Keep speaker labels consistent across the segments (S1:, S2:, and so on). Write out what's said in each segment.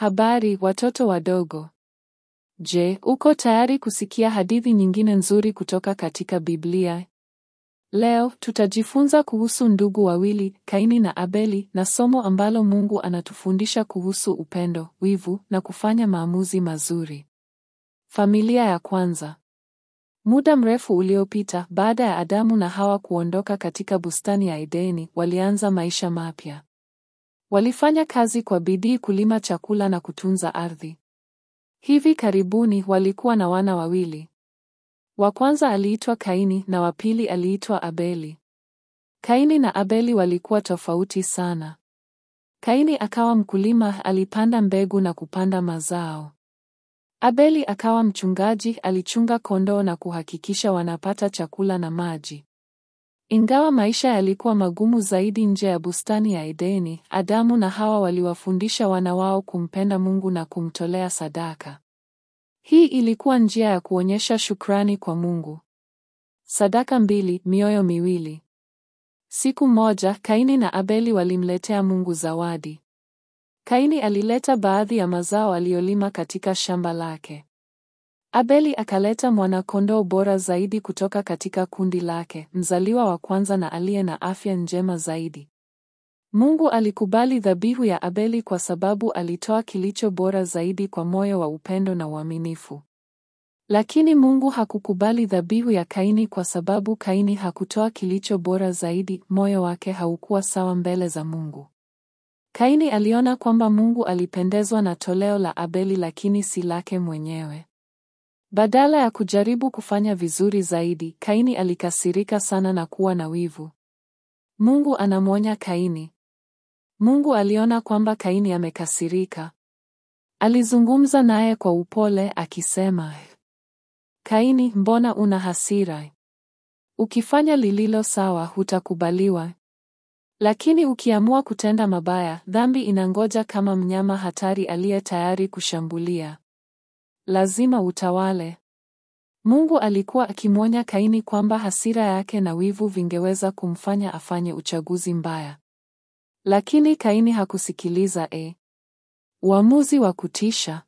S1: Habari watoto wadogo. Je, uko tayari kusikia hadithi nyingine nzuri kutoka katika Biblia? Leo tutajifunza kuhusu ndugu wawili, Kaini na Abeli, na somo ambalo Mungu anatufundisha kuhusu upendo, wivu na kufanya maamuzi mazuri. Familia ya kwanza. Muda mrefu uliopita, baada ya Adamu na Hawa kuondoka katika bustani ya Edeni, walianza maisha mapya. Walifanya kazi kwa bidii kulima chakula na kutunza ardhi. Hivi karibuni walikuwa na wana wawili. Wa kwanza aliitwa Kaini na wa pili aliitwa Abeli. Kaini na Abeli walikuwa tofauti sana. Kaini akawa mkulima, alipanda mbegu na kupanda mazao. Abeli akawa mchungaji, alichunga kondoo na kuhakikisha wanapata chakula na maji. Ingawa maisha yalikuwa magumu zaidi nje ya bustani ya Edeni, Adamu na Hawa waliwafundisha wana wao kumpenda Mungu na kumtolea sadaka. Hii ilikuwa njia ya kuonyesha shukrani kwa Mungu. Sadaka mbili, mioyo miwili. Siku moja, Kaini na Abeli walimletea Mungu zawadi. Kaini alileta baadhi ya mazao aliyolima katika shamba lake. Abeli akaleta mwanakondoo bora zaidi kutoka katika kundi lake, mzaliwa wa kwanza na aliye na afya njema zaidi. Mungu alikubali dhabihu ya Abeli kwa sababu alitoa kilicho bora zaidi kwa moyo wa upendo na uaminifu. Lakini Mungu hakukubali dhabihu ya Kaini kwa sababu Kaini hakutoa kilicho bora zaidi, moyo wake haukuwa sawa mbele za Mungu. Kaini aliona kwamba Mungu alipendezwa na toleo la Abeli lakini si lake mwenyewe. Badala ya kujaribu kufanya vizuri zaidi, Kaini alikasirika sana na kuwa na wivu. Mungu anamwonya Kaini. Mungu aliona kwamba Kaini amekasirika. Alizungumza naye kwa upole akisema, Kaini, mbona una hasira? Ukifanya lililo sawa hutakubaliwa. Lakini ukiamua kutenda mabaya, dhambi inangoja kama mnyama hatari aliye tayari kushambulia lazima utawale. Mungu alikuwa akimwonya Kaini kwamba hasira yake na wivu vingeweza kumfanya afanye uchaguzi mbaya, lakini Kaini hakusikiliza. E, uamuzi wa kutisha!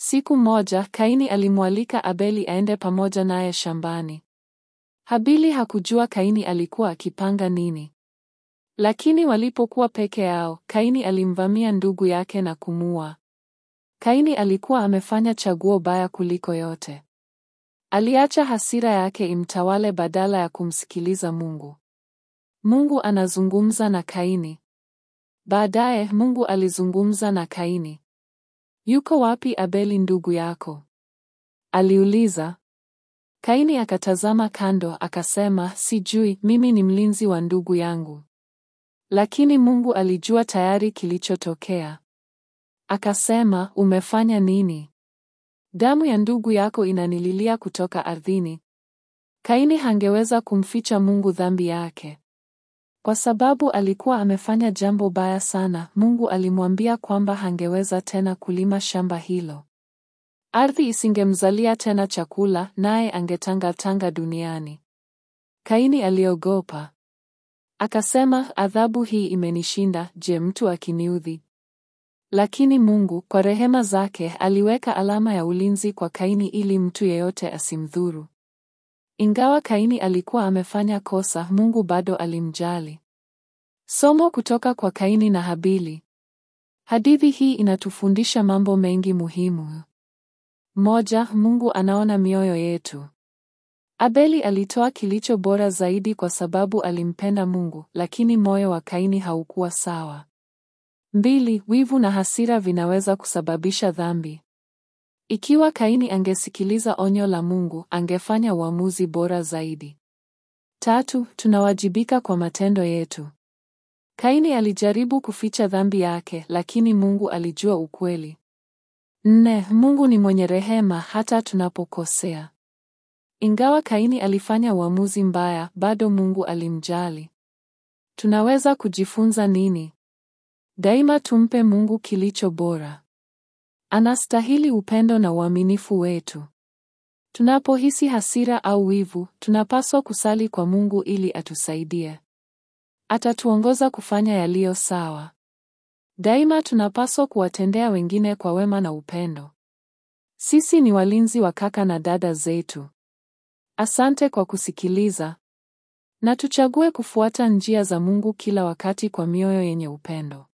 S1: Siku moja Kaini alimwalika Abeli aende pamoja naye shambani. Habili hakujua Kaini alikuwa akipanga nini, lakini walipokuwa peke yao, Kaini alimvamia ndugu yake na kumua. Kaini alikuwa amefanya chaguo baya kuliko yote. Aliacha hasira yake imtawale badala ya kumsikiliza Mungu. Mungu anazungumza na Kaini. Baadaye Mungu alizungumza na Kaini. Yuko wapi Abeli ndugu yako? Aliuliza. Kaini akatazama kando akasema, sijui, mimi ni mlinzi wa ndugu yangu. Lakini Mungu alijua tayari kilichotokea. Akasema, umefanya nini? Damu ya ndugu yako inanililia kutoka ardhini. Kaini hangeweza kumficha Mungu dhambi yake. Kwa sababu alikuwa amefanya jambo baya sana, Mungu alimwambia kwamba hangeweza tena kulima shamba hilo. Ardhi isingemzalia tena chakula, naye angetangatanga duniani. Kaini aliogopa. Akasema, adhabu hii imenishinda, je, mtu akiniudhi? Lakini Mungu kwa rehema zake aliweka alama ya ulinzi kwa Kaini ili mtu yeyote asimdhuru. Ingawa Kaini alikuwa amefanya kosa, Mungu bado alimjali. Somo kutoka kwa Kaini na Habili. Hadithi hii inatufundisha mambo mengi muhimu. Moja, Mungu anaona mioyo yetu. Abeli alitoa kilicho bora zaidi kwa sababu alimpenda Mungu, lakini moyo wa Kaini haukuwa sawa. Mbili, wivu na hasira vinaweza kusababisha dhambi. Ikiwa Kaini angesikiliza onyo la Mungu, angefanya uamuzi bora zaidi. Tatu, tunawajibika kwa matendo yetu. Kaini alijaribu kuficha dhambi yake, lakini Mungu alijua ukweli. Nne, Mungu ni mwenye rehema hata tunapokosea. Ingawa Kaini alifanya uamuzi mbaya, bado Mungu alimjali. Tunaweza kujifunza nini? Daima tumpe Mungu kilicho bora. Anastahili upendo na uaminifu wetu. Tunapohisi hasira au wivu, tunapaswa kusali kwa Mungu ili atusaidie. Atatuongoza kufanya yaliyo sawa. Daima tunapaswa kuwatendea wengine kwa wema na upendo. Sisi ni walinzi wa kaka na dada zetu. Asante kwa kusikiliza. Na tuchague kufuata njia za Mungu kila wakati kwa mioyo yenye upendo.